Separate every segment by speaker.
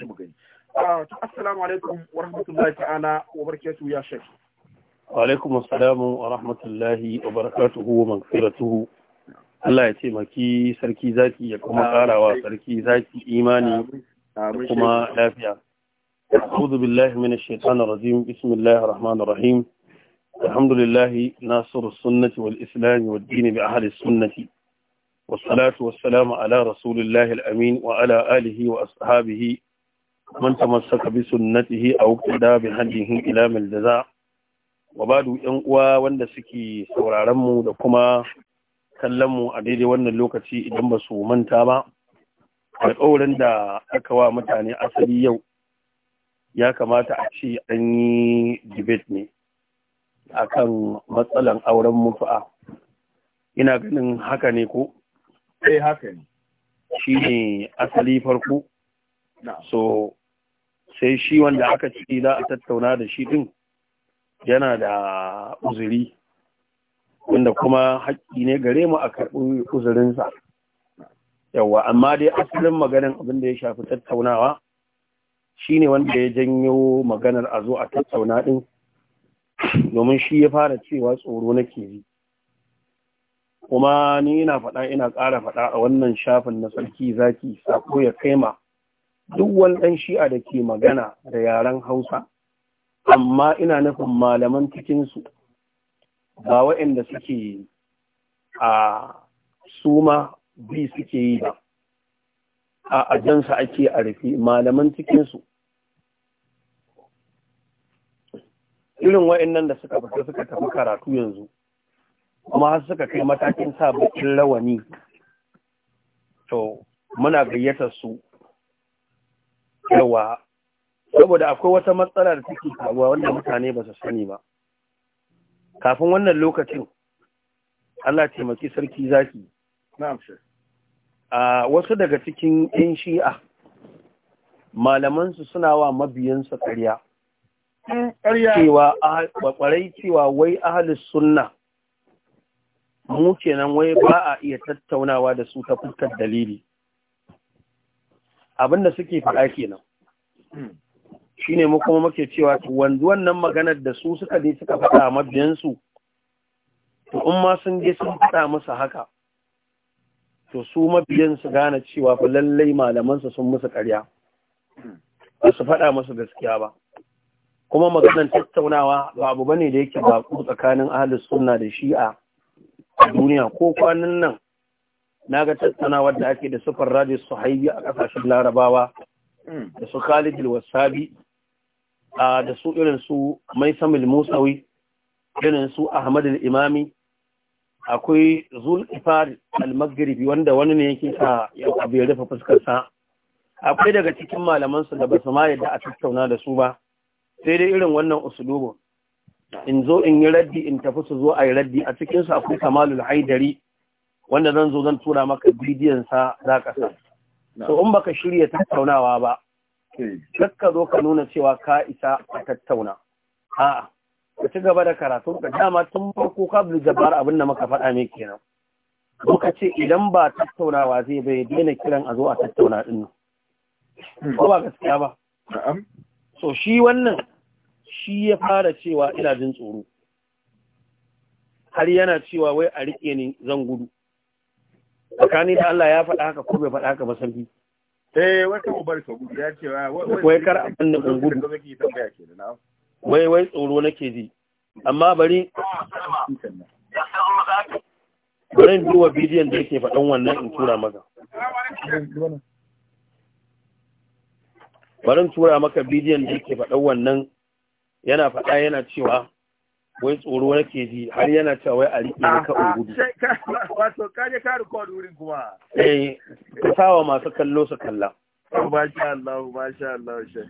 Speaker 1: mu gani ah, to assalamu alaikum wa rahmatullahi ta'ala wa barakatuhu ya shek wa alaikum assalamu wa rahmatullahi wa barakatuhu wa Allah ya taimaki sarki zaki ya kuma karawa sarki zaki imani da kuma lafiya أعوذ بالله من الشيطان الرجيم بسم الله الرحمن الرحيم الحمد لله ناصر السنة والإسلام والدين بأهل السنة والصلاة والسلام على رسول الله الأمين وعلى آله وأصحابه man tamassaka bi sunnatihi aw qada bi hadihi ila da za wa badu yan uwa wanda suke sauraron mu da kuma kallon mu a daidai wannan lokaci idan ba su manta ba alƙawarin da aka wa mutane asali yau ya kamata a ce an yi debate ne akan matsalan auren mutu'a ina ganin haka ne ko eh haka ne shi ne asali farko so sai shi wanda aka ci za a tattauna da shi din yana da uzuri wanda kuma haƙƙi ne gare mu a karɓi uzurinsa yawa amma dai asalin maganin abin da ya shafi tattaunawa shine wanda ya janyo maganar a zo a tattauna din domin shi ya fara cewa tsoro nake ji kuma ni ina faɗa ina ƙara faɗa a wannan shafin na sarki zaki sako ya kaima duk wani ɗan shi'a da ke magana da yaren hausa amma ina nufin malaman cikinsu ba waɗanda suke a suma bi suke yi ba a ajansa ake a rufi. malaman cikinsu irin waɗannan da suka fita suka tafi karatu yanzu kuma har suka kai matakin sa bakin rawani to muna gayyatar su yawa saboda akwai wata matsala da take faruwa wanda mutane ba su sani ba kafin wannan lokacin Allah taimaki sarki zaki na'am sir wasu daga cikin yan shi'a malaman su suna wa mabiyansa eh, ƙarya cewa ah, cewa wai ahalus sunna mu kenan wai ba a iya tattaunawa da su ta fuskar dalili abinda suke faɗa kenan shine mu kuma muke cewa wanzu wannan maganar da su suka je suka faɗa mabiyansu to in ma sun je sun faɗa musu haka to su mabiyan su gane cewa fa lallai su sun musu ƙarya ba su faɗa musu gaskiya ba kuma maganar tattaunawa ba abu bane da yake baƙo tsakanin ahlus sunna da shi'a a duniya ko kwanan nan na ga tattaunawar da ake da sufar radio suhaibi a kasashen larabawa da su khalid wasabi da su irin su maisamil musawi irin su ahmad imami akwai Ifar al-maghribi wanda wani ne yake sa yau abu ya rufe fuskarsa akwai daga cikin malamansu da ba su ma yadda a tattauna da su ba sai dai irin wannan usulubin in zo in yi raddi in tafi su zo a yi raddi a cikinsu akwai kamalul haidari wanda zan zo zan tura maka bidiyon sa za ka sa So in baka shirya tattaunawa ba Ka zo ka nuna cewa ka isa a tattauna a'a ka ci gaba da karatu ka dama tun farko ka bi abin da muka faɗa ne kenan muka ce idan ba tattaunawa zai bai daina kiran a zo a tattauna din nan ko ba gaskiya ba so shi wannan shi ya fara cewa ina jin tsoro har yana cewa wai a riƙe ni zan gudu tsakani da Allah ya faɗa haka ko bai faɗa haka ba sarki eh ka mu barka gudu ya ce wai kar abin da gudu wai wai tsoro nake ji amma bari bari duba bidiyon da yake faɗan wannan in tura maka bari tura maka bidiyon da yake faɗan wannan yana faɗa yana cewa wai tsoro nake ji har yana cewa wai a riƙe ne ah, ah, ka ungudu wato ka je ka record wurin kuma eh ka sawa masu kallo su kalla oh, masha Allah
Speaker 2: masha Allah shi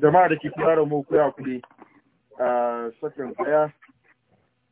Speaker 2: jama'a da ke kula da mu kuya kuɗi a ah, sakin tsaya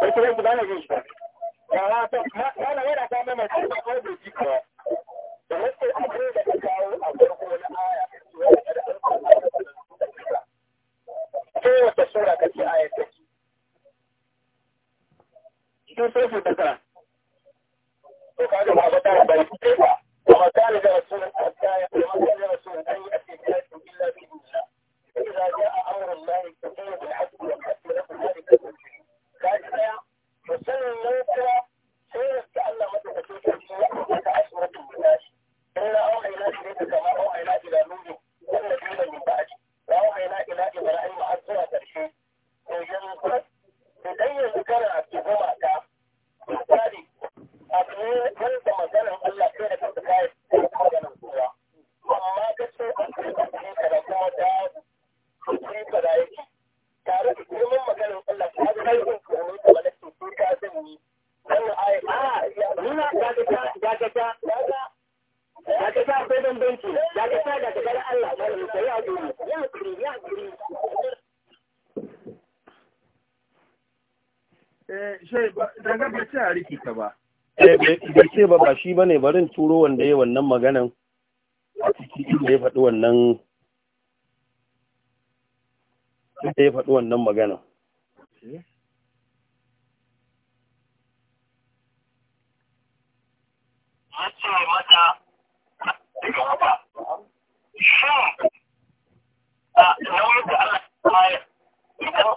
Speaker 2: sai kuma ku gane yin shi ba ya ta mana yana ta mai mai kuma ko da ji ko da wasu abu da ka kawo a farko na aya ko wata sura kace aya ta ki idan sai ku tsara ko ka ga ba ta ba ki ba وما كان لرسول أن يأتي إلا بإذن الله إذا جاء أمر الله فقيل بالحق sake ka ba eh, bai
Speaker 1: ce ba ba shi bane barin turo wanda ya wannan maganan a cikin da ya faɗi wannan da ya faɗi wannan maganan
Speaker 2: yace mata daga wata shin a nauyin da Allah ya bayar idan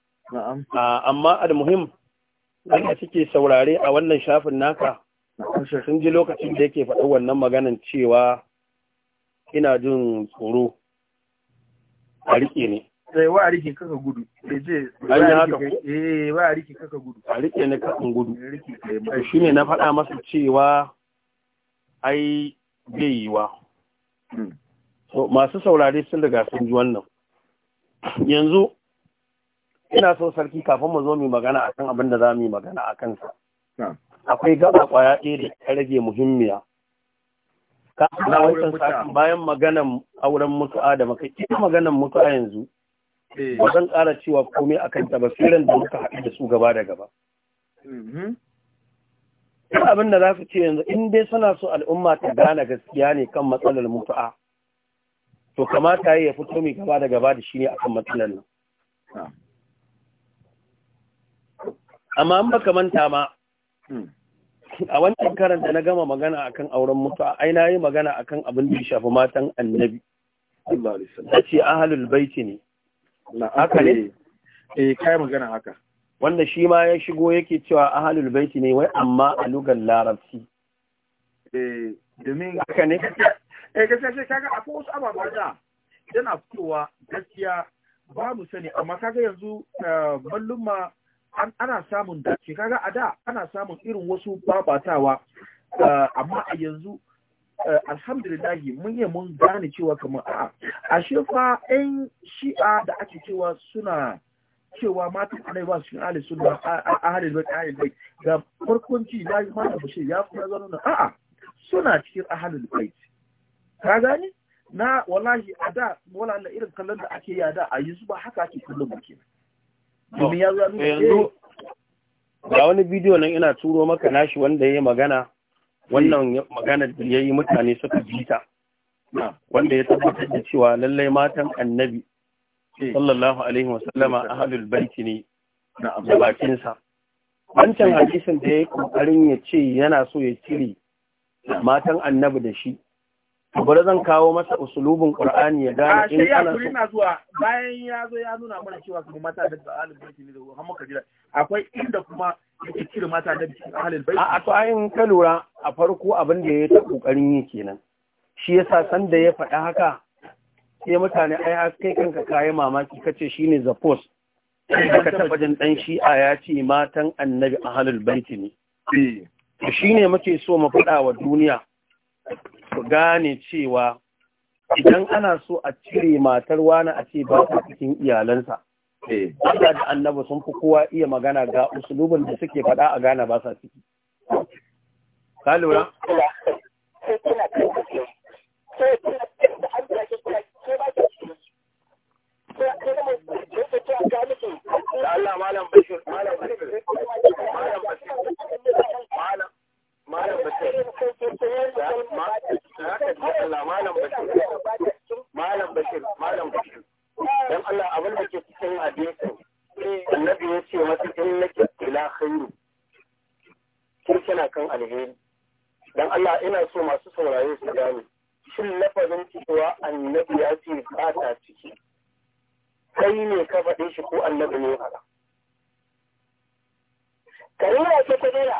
Speaker 1: Ah, amma al-muhim wanda suke saurare a wannan shafin naka sun ji lokacin da yake faɗi wannan maganan cewa ina jin tsoro a rike ne sai wa a rike kaka gudu haka eh wa a rike eh, eh, kaka gudu a rike ne kakan gudu eh, shi ne na faɗa masa cewa ai bai yi wa hmm. masu saurare sun riga sun ji wannan yanzu ina so sarki kafin mu zo mu magana akan abin da za mu yi magana a kansa akwai gaba kwaya ɗaya da ta rage muhimmiya na wancan satin bayan maganan auren mutu'a da maka ita maganan mutu'a yanzu eh. ba zan ƙara cewa komai a akan ta basiran da muka haɗu da su gaba da gaba Ina mm-hmm. abin da za su ce yanzu in dai suna so al'umma ta gane gaskiya ne kan matsalar mutu'a to kamata ya fito mai gaba da gaba da shi ne akan matsalar nan amma an baka manta ma hmm. a wancan karanta na gama magana akan auren mutuwa ai na yi magana akan abin da ya shafi matan annabi ta ce ahalul baiti ne haka ne eh kai magana haka wanda shi ma ya shigo yake cewa ahalul baiti ne wai amma a lugar larabci eh domin haka ne eh gaskiya sai kaga akwai wasu ababa da yana fitowa gaskiya ba mu sani amma kaga yanzu eh, malluma ana samun dace kaga a da ana samun irin wasu babatawa eh, amma a yanzu eh, alhamdulillahi mun yi mun gane cewa kamar a'a a shefa yan shi'a da ake cewa suna cewa mata anai ba su ahli sunna ahli bayt ahli bayt ga farkon ci da mata bashir ya kuma zano na a'a suna cikin ahli bayt ka gani na wallahi a da wala irin kallon da ake yada a yanzu ba haka ake kallon ba. domin eh. wani bidiyo nan ina turo maka nashi wanda ya yi magana wannan magana da ya yi mutane suka jita wanda ya tabbatar da cewa lallai matan annabi eh. sallallahu alaihi wasallama ahalul baiti ne da bakinsa wancan hadisin da ya yi kokarin ya ce yana so ya cire matan annabi da shi bari zan kawo masa usulubin Qur'ani ya gane in ana so. na zuwa bayan ya zo ya nuna mana cewa kuma mata da ahlul baiti ne da har muka jira akwai inda kuma yake cire mata da cikin ahlul baiti. A to ayin ka lura a farko abin da ya yi ta ƙoƙarin yi kenan. Shi yasa san da ya faɗa haka sai mutane ai kai kanka kayi mamaki kace shine the post.
Speaker 2: Eh, ka taɓa
Speaker 1: jin ɗan shi'a ya ce matan annabi halin baiti ne. Eh. Shi ne muke so mu faɗa wa duniya. ku gane cewa idan ana so a cire matar wani a ce ba ta cikin iyalansa Allah da annabi sun fi kowa iya magana ga usulubin da suke faɗa a Ghana ba sa ciki. Ka lura?
Speaker 2: Allah malam bashir malam malam malam malam bashir Allah? malam bashir malam bashir malam bashir dan Allah abin da ke cikin hadisin annabi ya ce masa in nake ila khairu kin kina kan alheri dan Allah ina so masu saurare su gane shin lafazin cewa annabi ya ce ta ciki kai ne ka faɗe shi ko annabi ne faɗa karira ce ta dora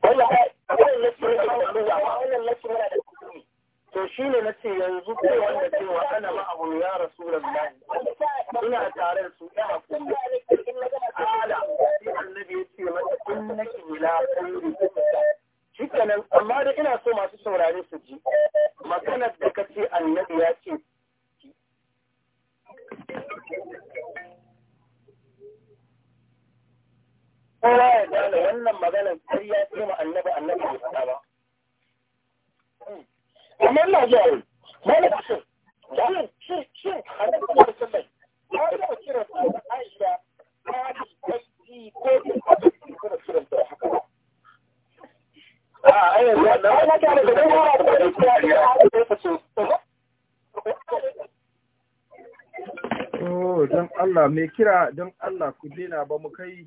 Speaker 2: wannan lashin yana da wannan da to shi ne na ce yanzu ko wanda cewa ana ma abu ya rasu da ina tare da su ya hakuri ala sai annabi ya ce mata in nake ila kulli shikenan amma da ina so masu saurare su ji maganar da kace annabi ya ce kowa ya gane wannan maganar ce ma annabi annabi bai faɗa ba amma ina ji ayi shin shin annabi Aisha ta ji kai ji ta haka ba
Speaker 1: a da ya
Speaker 2: Oh, don Allah, mai kira don Allah
Speaker 1: ku dina ba mu kai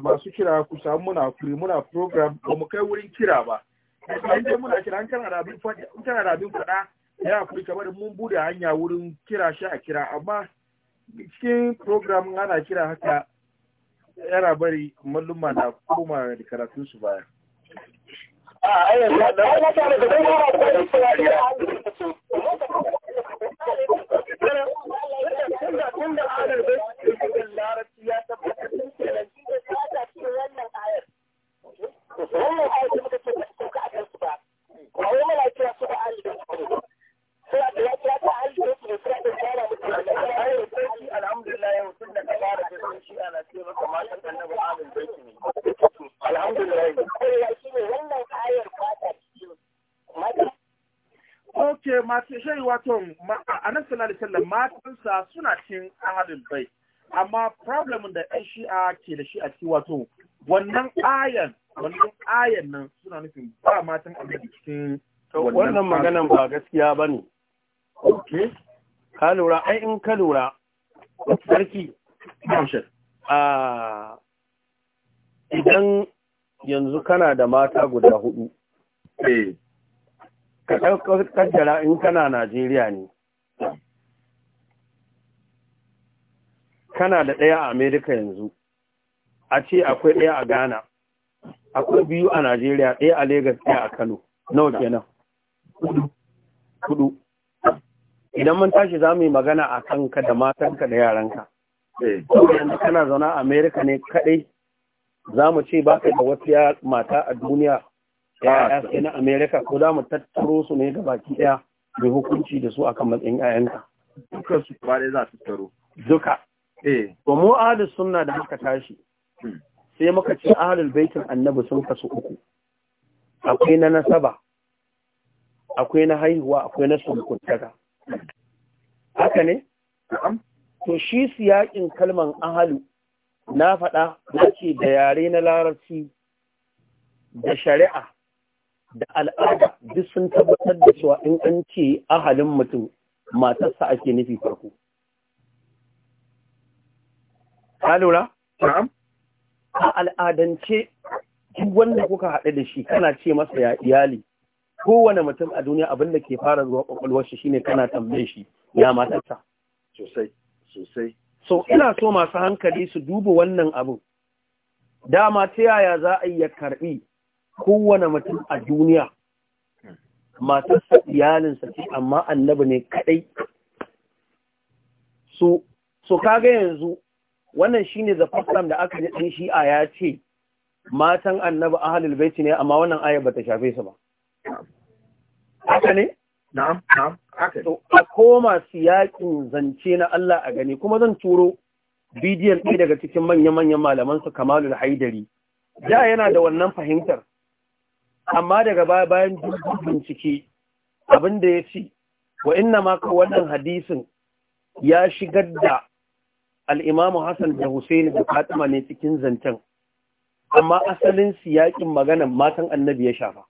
Speaker 2: masu kira ku samu muna kuri muna program ba mu kai wurin kira ba in dai muna kira an kana rabin abin an kana rabin fada ya
Speaker 1: kuri kamar mun bude hanya wurin kira shi a kira amma cikin program ana kira haka yana bari malluma na koma da karatun su baya
Speaker 2: a ayyana da wani da da wani da tunda tunda adar bai cikin da ya tabbata
Speaker 1: sai wato annabi sallallahu alaihi wasallam matansa suna cin ahadin bai, amma problem da ɗan shi'a ke da shi a ci wato wannan ayan wannan ayan nan suna nufin ba matan annabi cikin wannan maganan ba gaskiya bane okay ka lura ai in ka lura sarki idan yanzu kana da mata guda hudu eh ka ɗaukar kaddara in kana najeriya ne kana da ɗaya a amerika yanzu a ce akwai ɗaya a ghana akwai biyu a najeriya ɗaya a Legas, ɗaya a kano nawa kenan kudu idan mun tashi za mu yi magana a kanka da matanka da yaranka eh. yanzu kana zaune a amerika ne kaɗai za mu ce ba ka da wata mata a duniya ya na Amerika ko za mu tattaro su ne ga baki ɗaya mai hukunci da su akan matsayin ƴaƴanka. Duka su ba dai za su taro. Duka. Eh. Ba mu ahalin sunna da haka tashi. Hmm. Sai muka ce ahalin baitin annabi sun kasu uku. Akwai na nasaba, akwai na haihuwa, akwai na sunkuntaka. Haka ne? To shi siyakin kalman ahalu na faɗa na ce da yare na larabci da shari'a da al'ada duk sun tabbatar da cewa in an ce ahalin mutum matarsa ake nufi farko. Ka lura? Na'am. A al'adance duk wanda kuka haɗu da shi kana ce masa ya iyali kowane mutum a duniya abin da ke fara zuwa ƙwaƙwalwar shi shine kana tambaye shi ya matarsa. Sosai, sosai. So ina so masu hankali su duba wannan abin. Dama ta yaya za a iya karɓi kowane mutum a duniya matarsa iyalinsa ce amma annabi ne kadai so so kaga yanzu wannan shine the first da aka ji dan shi'a ya ce matan annabi ahlul baiti ne amma wannan aya bata shafe su ba haka ne na'am na'am to a koma siyakin zance na Allah a gani kuma zan turo bidiyon ɗaya daga cikin manya-manyan malaman su Kamalul Haidari da yana da wannan fahimtar amma daga baya bayan bincike abin da ya ce wa inna maka wannan hadisin ya shigar da al'imamu Hassan da Hussein da Fatima ne cikin zancen, amma asalin siyakin maganan matan annabi ya shafa.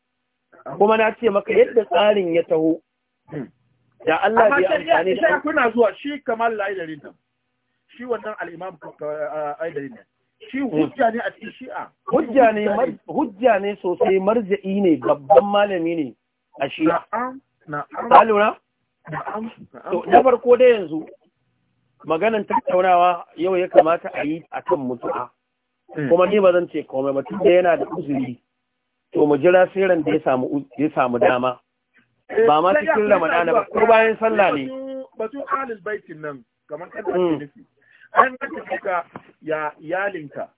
Speaker 1: Kuma na ce maka yadda tsarin ya taho, da Allah ya amfani da shi kamar la'idari shi wannan ka eh, eh, aidari nan, shi hujja ne a cikin shi'a hujja ne hujja ne sosai marja'i ne babban malami ne a shi'a na'am na'am. lura
Speaker 2: na'am to na
Speaker 1: farko da yanzu maganan tattaunawa yau ya kamata a yi a kan mutu'a eh. kuma ni ba zan ce komai mutum da yana da uzuri to mu jira siran da ya samu dama eh, ba ma cikin ramadana ba ko bayan sallah ne
Speaker 2: batun alil baitin nan kamar kada hmm. nufi an ka
Speaker 1: ka ya yalinka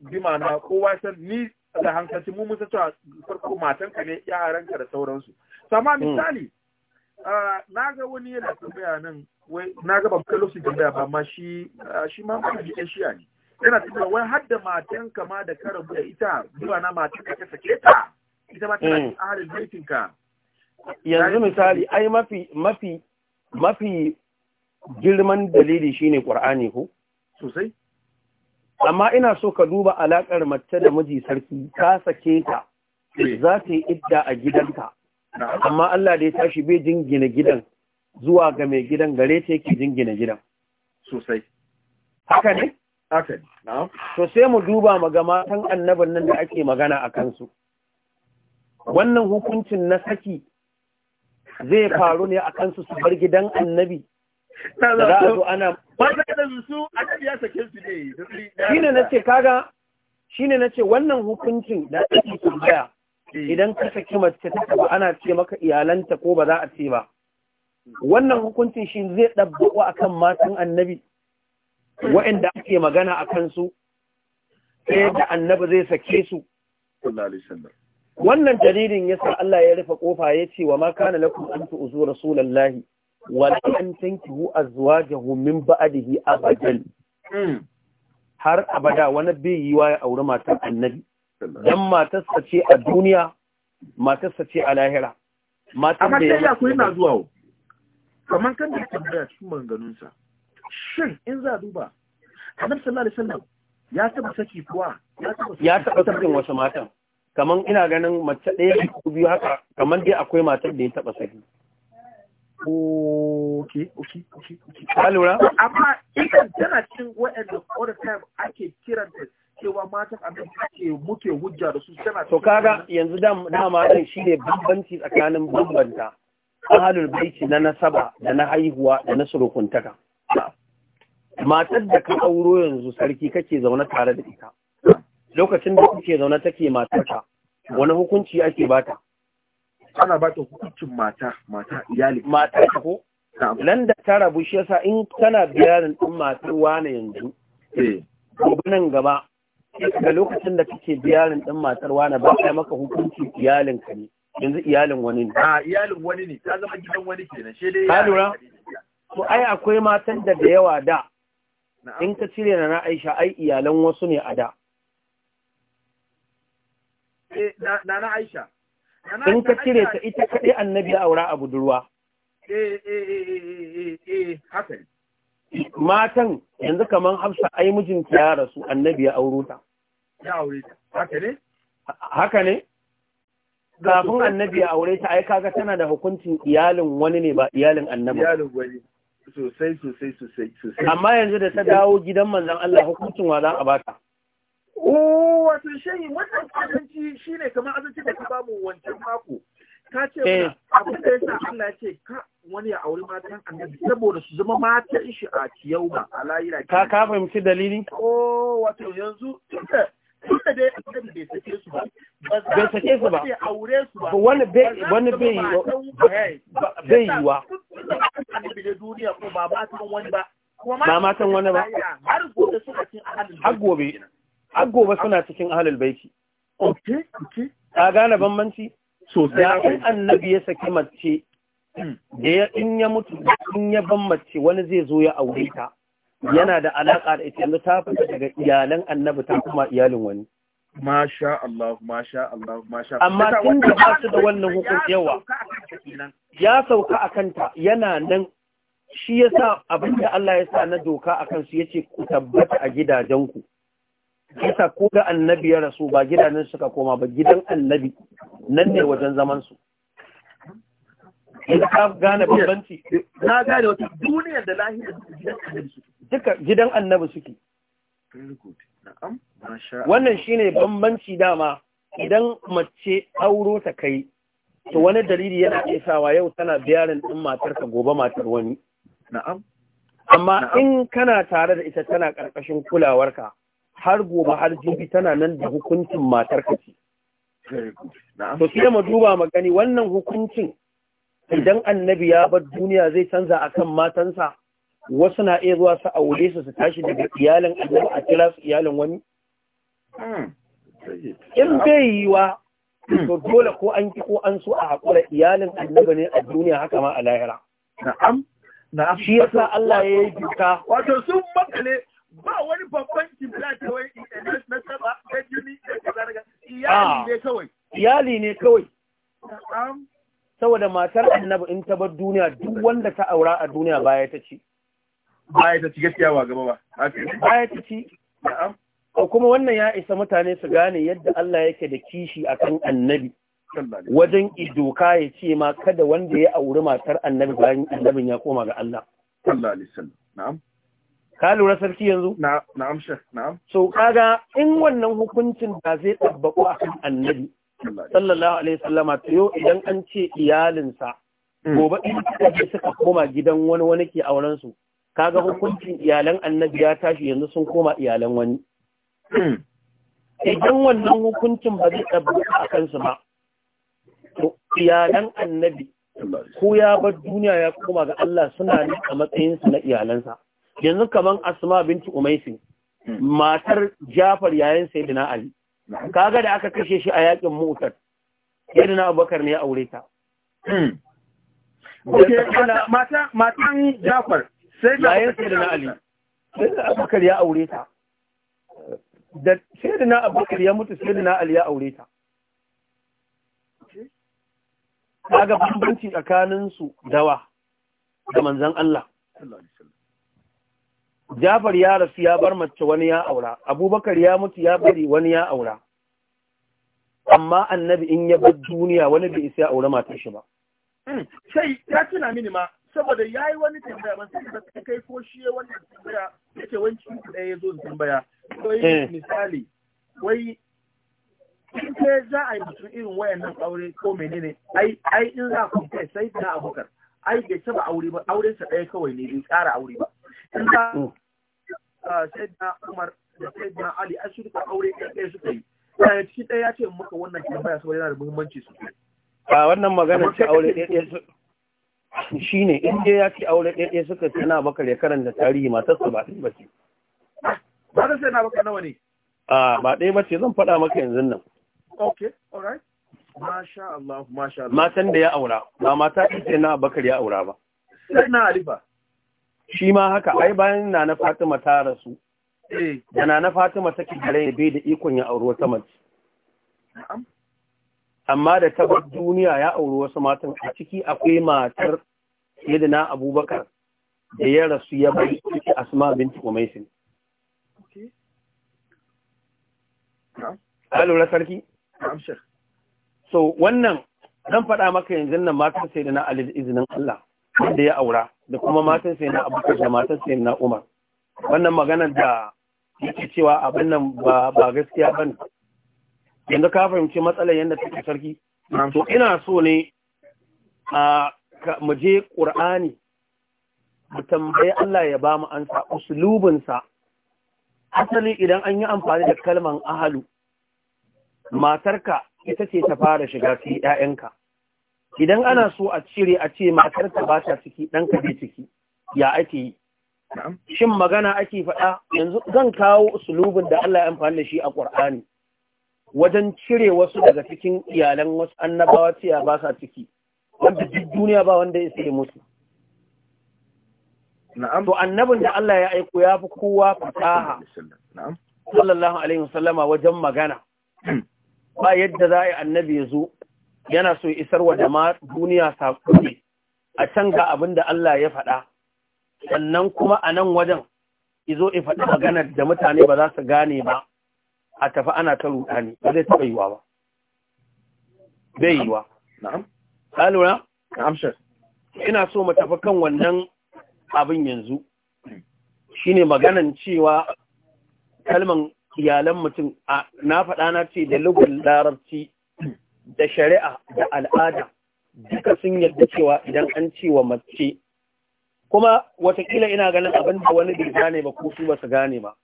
Speaker 1: bi ma'ana kowa san ni da hankali mu musa cewa farko matanka ne yaranka da sauransu sama hmm. misali na ga wani yana tambaya nan wai na ga babban lokacin tambaya ba ma shi shi ma ba shi shiya ne yana tambaya wai har da matanka ma da ka da ita zuwa na matanka ta sake ta ita ma tana hmm. ahalin baitinka yanzu misali ai mafi mafi mafi girman dalili shine ƙur'ani ko sosai amma ina so ka duba alaƙar mace da miji sarki Ta sake ta eh. za ta yi idda a gidanta. amma Allah da ya tashi bai jingina gidan zuwa ga mai gidan gare ta yake jingina gidan sosai haka ne haka ne mu duba ma ga matan annabin nan da ake magana a kansu wannan hukuncin na saki zai faru ne a kansu su bar gidan annabi
Speaker 2: na
Speaker 1: ne shine nace wannan hukuncin da ake tambaya eh. idan ka saki mace ta taba ana ce maka iyalanta ko ba za a ce ba wannan hukuncin shi zai a akan matan annabi wa'inda ake magana a kansu sai da annabi zai sake su
Speaker 2: wannan jaririn
Speaker 1: ya sa Allah ya rufe kofa ya ce wa ma kana lakum an rasulullahi wala an tankihu azwajahu min ba'dihi abadan hmm. har abada wani bai yi wa ya auri matar annabi dan matarsa ce a duniya matarsa ce a lahira matar da ya ku yana zuwa kamar kan da tambaya cikin maganganun sa shin in za duba
Speaker 2: annabi sallallahu alaihi wasallam ya taba saki kuwa
Speaker 1: ya taba sakin wasu matan kamar ina ganin mace ɗaya ko biyu haka kamar dai akwai matar da ya taba saki ok ok ok Alura. amma ita tana cin waɗanda all the time ake kiranta cewa matan abin ake muke hujja da su tana to kaga yanzu dama ɗin shi ne bambanci tsakanin bambanta ahalul baiti na nasaba da na haihuwa da na surukuntaka matar da ka auro yanzu sarki kake zaune tare da ita lokacin da kuke zaune take matarka wani hukunci ake bata ana ba ta hukuncin mata mata iyali mata ko nan da ta rabu shi yasa in kana biyarin din matar wani yanzu eh. gobe nan gaba daga lokacin da kake biyarin din matar wani ba kai maka hukuncin iyalin ka ne yanzu iyalin wani ne ah iyalin wani ne ta zama gidan wani kenan shi dai ka lura to ai akwai matan da da yawa da in ka cire na Aisha ai iyalan wasu ne a da eh na na Aisha in ka cire ta ita kaɗai annabi ya aura a budurwa. Eh, eh, eh, Matan yanzu kamar hafsa ai mijinta ya rasu annabi ya auro ta. Ya aure ta, haka ne? Haka ne? Kafin annabi ya aure ta ai kaga tana da hukuncin iyalin wani ne ba iyalin annabi. Iyalin wani. Sosai sosai sosai sosai. Amma yanzu da ta dawo gidan manzan Allah hukuncin wa za a bata.
Speaker 2: Oh, wato shayi wannan azanci shi ne kamar
Speaker 1: azanci da ka mu wancan mako ka ce eh. abin da yasa Allah ya ce ka wani ya auri matan annabi saboda su zama matan shi a ciyau ba a layira ka ka fahimci dalili
Speaker 2: O oh, wato yanzu tunda tunda dai annabi bai sake su ba bai sake su ba aure su ba wani bai wani bai bai yiwa annabi da duniya ko ba matan wani ba ba matan wani ba har gobe suka cin ahadin har gobe
Speaker 1: agoba suna cikin ahalul baiti okay okay Ta gane bambanci sosai da in annabi ya saki mace da in ya mutu in ya ban mace wani zai zo ya aure ta yana da alaƙa da ita ta fita daga iyalan annabi ta kuma iyalin wani Masha Allah, masha Allah, masha Allah. Amma tun da ba su da wannan hukunci yawa, ya sauka a kanta yana nan shi ya sa abin da Allah ya sa na doka a kansu ya ce ku tabbata a gidajenku. kisa ko da annabi ya rasu ba gidanen suka koma ba gidan annabi nan ne wajen zaman su ka gane bambanci na gane wata duniyar da lahiyar gidan annabi duka gidan annabi suke wannan shine bambanci dama idan mace auro ta kai to wani dalili yana isawa yau tana biyarin din matarka gobe matar wani na'am amma in kana tare da ita tana ƙarƙashin kulawarka har gobe har jibi tana nan da hukuncin matar kaci. ce to sai mu duba magani wannan hukuncin idan annabi ya bar duniya zai canza akan matansa wasu na iya zuwa su aure su su tashi daga iyalin annabi a kira su iyalin wani hmm. in bai yi wa to hmm. dole ko an ki ko an so a haƙura iyalin annabi ne a duniya haka ma a lahira na'am na'am shi yasa Allah ya yi
Speaker 2: duka wato sun makale ba wani babban kimla ta wai na saba ta jini da kaza iyali ah. ne kawai
Speaker 1: iyali ne kawai saboda matar annabi in ta bar duniya duk wanda ta aura a duniya baya ta ci baya ta ci gaskiya wa gaba ba baya ta ci kuma wannan ya isa mutane su gane yadda Allah yake da kishi akan annabi wajen idoka ya ce ma kada wanda ya auri matar annabi bayan annabin ya koma ga Allah sallallahu alaihi wasallam na'am ka lura sarki yanzu na'am shi na'am so kaga in wannan hukuncin da zai tabbaku akan annabi sallallahu alaihi wasallama to idan an ce iyalinsa hmm. gobe in kaje suka koma gidan wani wani ke auren su kaga hukuncin iyalan annabi ya tashi yanzu sun koma iyalan wani hmm. idan wannan hukuncin ba zai tabbata a kansu ba to iyalan annabi ko ya bar duniya ya koma ga Allah suna ne a matsayinsu na iyalansa yanzu kaman asma binti umaisi hmm. matar jafar yayin sayyidina ali kaga da aka kashe shi a yakin mutar sayyidina abubakar ne ya aure ta hmm. matan jafar sai yayin sayyidina ali sayyidina abubakar ya aure ta da sayyidina abubakar ya mutu sayyidina ali ya aure ta kaga bambanci tsakaninsu dawa da manzan Allah Jafar ya rasu ya bar mace wani ya aura, Abubakar ya mutu ya bari wani ya aura. Amma annabi in ya bar duniya wani bai isa ya aure matar shi ba. Sai ya tuna mini ma
Speaker 2: saboda ya yi wani tambaya ban sai da kai ko shi ya wani tambaya wani cikin ɗaya ya zo da
Speaker 1: tambaya. Wai eh. misali wai in ce za a yi mutum irin wayannan aure ko menene ai in za ku kai sai da abokar. ai bai taba aure ba aurensa ɗaya kawai ne bai tsara aure ba. sayyidina Umar da sayyidina Ali an shirka aure ɗaya suka yi ɗaya cikin ɗaya ya ce maka wannan baya saboda yana da muhimmanci su. a wannan magana ce aure ɗaya su shi ne in dai ya ce aure ɗaya suka ce na baka ya karanta tarihi matarsa ba ɗaya ba ce ba ta sai na baka nawa ne a ba ɗaya ba ce zan faɗa maka yanzu nan Ok. alright masha Allah masha Allah matan da ya aura ba mata ita na bakar ya aura ba sai na alifa shi ma haka ai bayan na na Fatima ta rasu eh. da na na Fatima take gare bai da ikon ya auri wata mace amma da ta bar duniya ya auri wasu matan a ciki akwai matar na Abubakar da ya rasu ya bar ciki Asma binti Umaysin Alura sarki? So wannan zan faɗa maka yanzu nan matan sai da na Ali da izinin Allah. wanda ya aura da kuma matan sai na abubakar da matan sai na umar wannan maganar da yake cewa abin nan ba gaskiya ba ne yanzu ka fahimci matsalar yadda take sarki to ina so ne a mu je ƙur'ani mu tambayi Allah ya ba mu ansa usulubinsa asali idan an yi amfani da kalman ahalu matarka ita ce ta fara shiga sai 'ya'yanka idan ana so a cire a ce matarka ba ta ciki dan ka bai ciki ya ake yi shin magana ake faɗa yanzu zan kawo usulubin da Allah ya amfani da shi a Qur'ani wajen cire wasu daga cikin iyalan wasu annabawa cewa ba sa ciki wanda duk duniya ba wanda ya sai musu na'am to annabin da Allah ya aiko ya fi kowa fasaha na'am sallallahu alaihi wasallama wajen magana ba yadda za a yi annabi ya zo yana so isarwa da ma duniya saƙo a can ga abin da Allah ya faɗa sannan kuma a nan wajen izo in faɗi maganar da mutane ba za su gane ba a tafi ana ta ba zai taɓa yiwa ba bai yiwa na'am ina so mu tafi kan wannan abin yanzu shine maganan cewa kalman iyalan mutum na faɗa na ce da lugun larabci da shari'a da al'ada duka sun yarda cewa idan an ce wa mace kuma watakila ina ganin abin da wani bai gane ba ko su ba su gane ba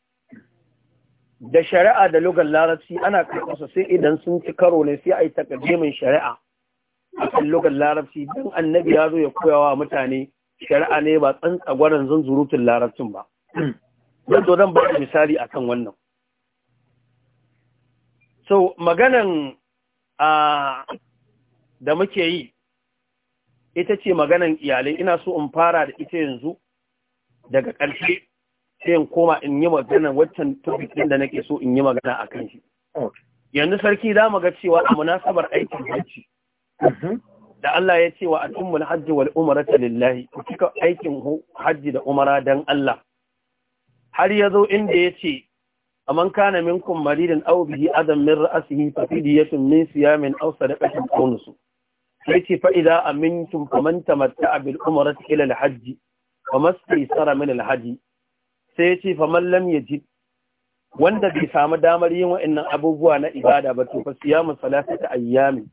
Speaker 1: da shari'a da lugar larabci ana karɓarsa sai idan sun ci karo ne sai a yi takaddimin shari'a a kan lugar larabci don annabi ya zo ya koya wa mutane shari'a ne ba tsantsagwaran zunzurutun larabcin ba don zo zan ba misali akan wannan so maganan da muke yi ita ce maganan iyalai ina so in fara da ita yanzu daga ƙarshe sai in koma in yi magana waccan tufikin da nake so in yi magana a kan shi yanzu sarki za mu ga cewa a munasabar aikin hajji mm-hmm. da Allah ya ce wa al'ummul hajji wal ta lillahi kika aikin hajji da umara dan Allah har ya zo inda ya ce faman kana minkum maridan aw bihi adam min ra'sihi fa fidyatun min siyamin aw sadaqatin aw nusuk yace fa idza amintum faman tamatta'a bil umrati ila al hajj famastaysara min al hajj sai yace faman lam yajid wanda bai samu damar yin wa'annan abubuwa na ibada ba to fa siyamu salatati ayyamin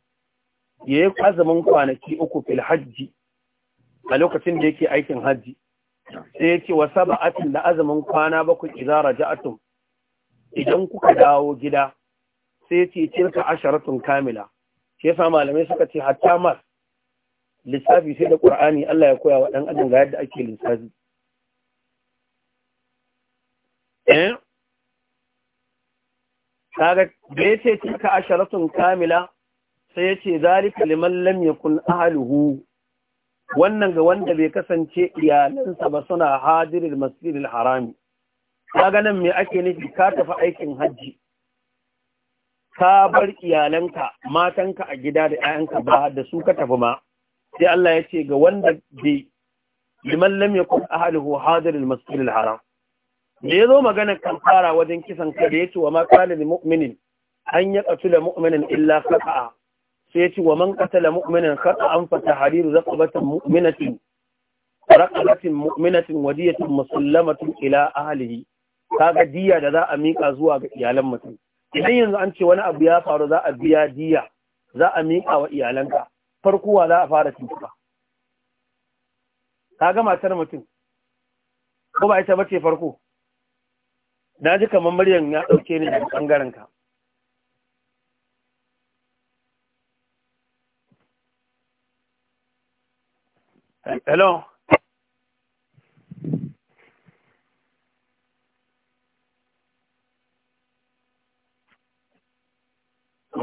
Speaker 1: yayi azumin kwanaki uku fil hajji a lokacin da yake aikin hajji sai yace wa sab'atin da azumin kwana bakwai idza raja'atum idan kuka dawo gida sai ce tilka asharatun kamila shi yasa malamai suka ce hatta mas lissafi sai da qur'ani Allah ya koya wa dan adam ga yadda ake lissafi eh kaga da yace tilka asharatun kamila sai yace zalika liman lam yakun ahluhu wannan ga wanda bai kasance iyalansa ba suna hadirin masjidil harami kaga nan me ake nufi ka tafi aikin hajji ka bar iyalanka matanka a gida da 'ya'yanka ba da su ka tafi ma sai Allah ya ce ga wanda bai liman lam yakun ahlihu hadir al-masjid al-haram Me yazo magana kan fara wajen kisan ka da yace wa ma qala lil mu'minin an yaqtula mu'minan illa khata'a sai yace wa man qatala mu'minan khata'an fa tahriru raqabatin mu'minatin raqabatin mu'minatin wadiyatan musallamatin ila ahlihi ga diya da za a mika zuwa ga iyalan mutum idan yanzu an ce wani abu ya faru za a biya diya za a mika wa iyalanka farko wa za a fara tuntuba kaga matar mutum ko ba ita ce farko na ji kamar muryan ya ɗauke ni daga ɓangaren ka hello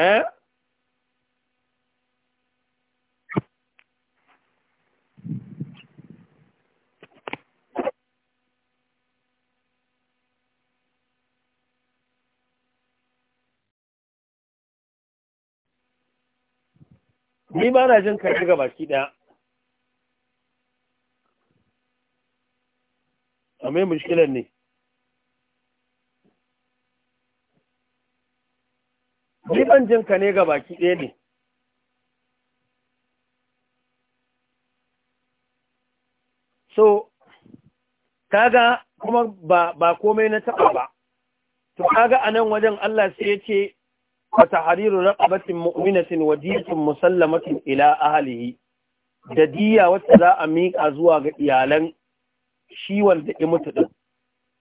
Speaker 2: Eh? Ni ba na jin
Speaker 1: karfi ga baki ɗaya. A mai mushkilar ne. ban jinka ne ga baki ɗaya ne so kaga kuma ba ba komai na taɓa ba to kaga anan wajen Allah sai ya ce ta hariru raqabatin mu'minatin wa diyatun musallamatin ila ahlihi da diya wata za a miƙa zuwa ga iyalan shi wanda ya mutu ɗin.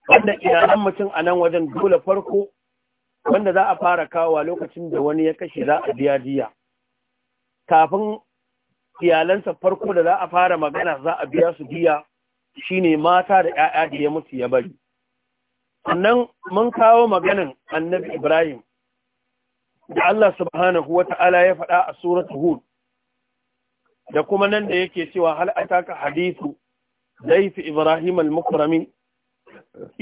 Speaker 1: wanda iyalan mutum a nan wajen dole farko wanda za a fara kawowa lokacin da wani ya kashe za a biya diya kafin iyalansa farko da za a fara magana za a biya su diya shine mata da 'ya'ya da ya mutu ya bari sannan mun kawo maganin, annabi Ibrahim da Allah subhanahu wa ta'ala ya faɗa a suratu Hud da kuma nan da yake cewa hal ataka hadithu daifi Ibrahim al mukramin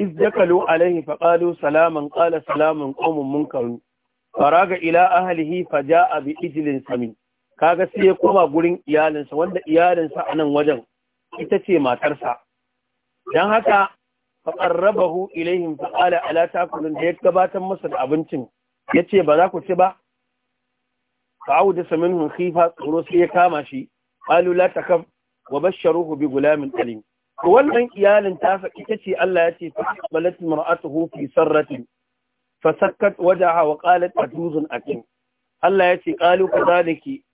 Speaker 1: iz dakalu alaihi faqalu salaman ƙala salaman qaumun munkarun faraga ila ahlihi faja'a bi ijlin samin kaga sai ya koma gurin iyalinsa wanda iyalinsa a nan wajen ita ce matarsa dan haka faqarrabahu ilaihin faqala ala takulun da ya gabatar masa da abincin yace ba za ku ci ba fa'auda saminhum khifa tsoro sai ya kama shi Alula la takaf wa basharuhu bi gulamin alim wannan iyalin tasa ita ce Allah ya ce faqabalat mar'atuhu fi sarratin fasakkat wajaha wa qalat atuzun akin Allah ya ce qalu kadhaliki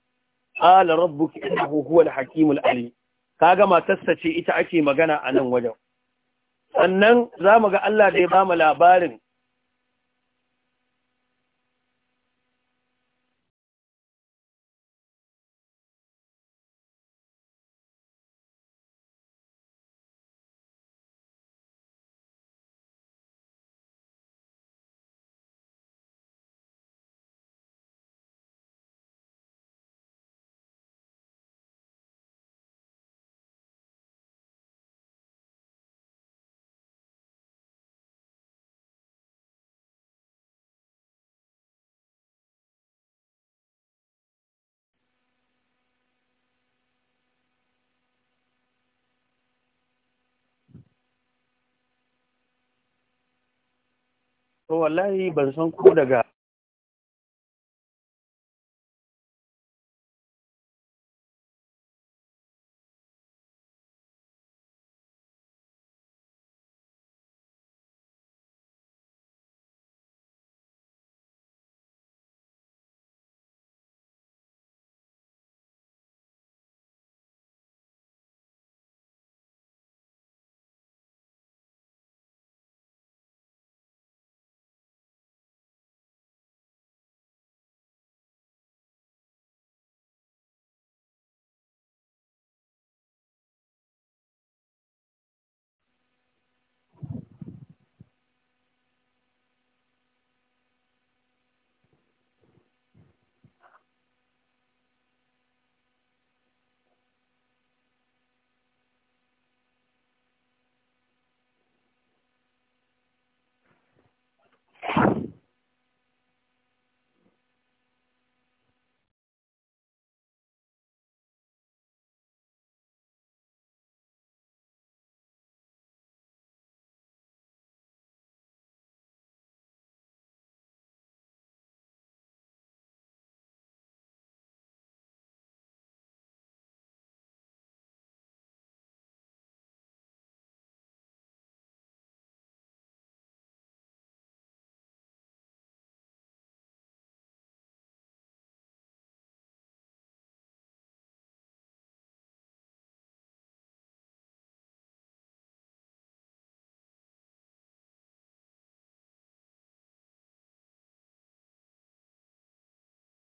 Speaker 1: qala rabbuka innahu huwal hakimul alim kaga matarsa ce ita ake magana a nan wajen sannan zamu ga Allah da ya bamu labarin to wallahi ban san ko daga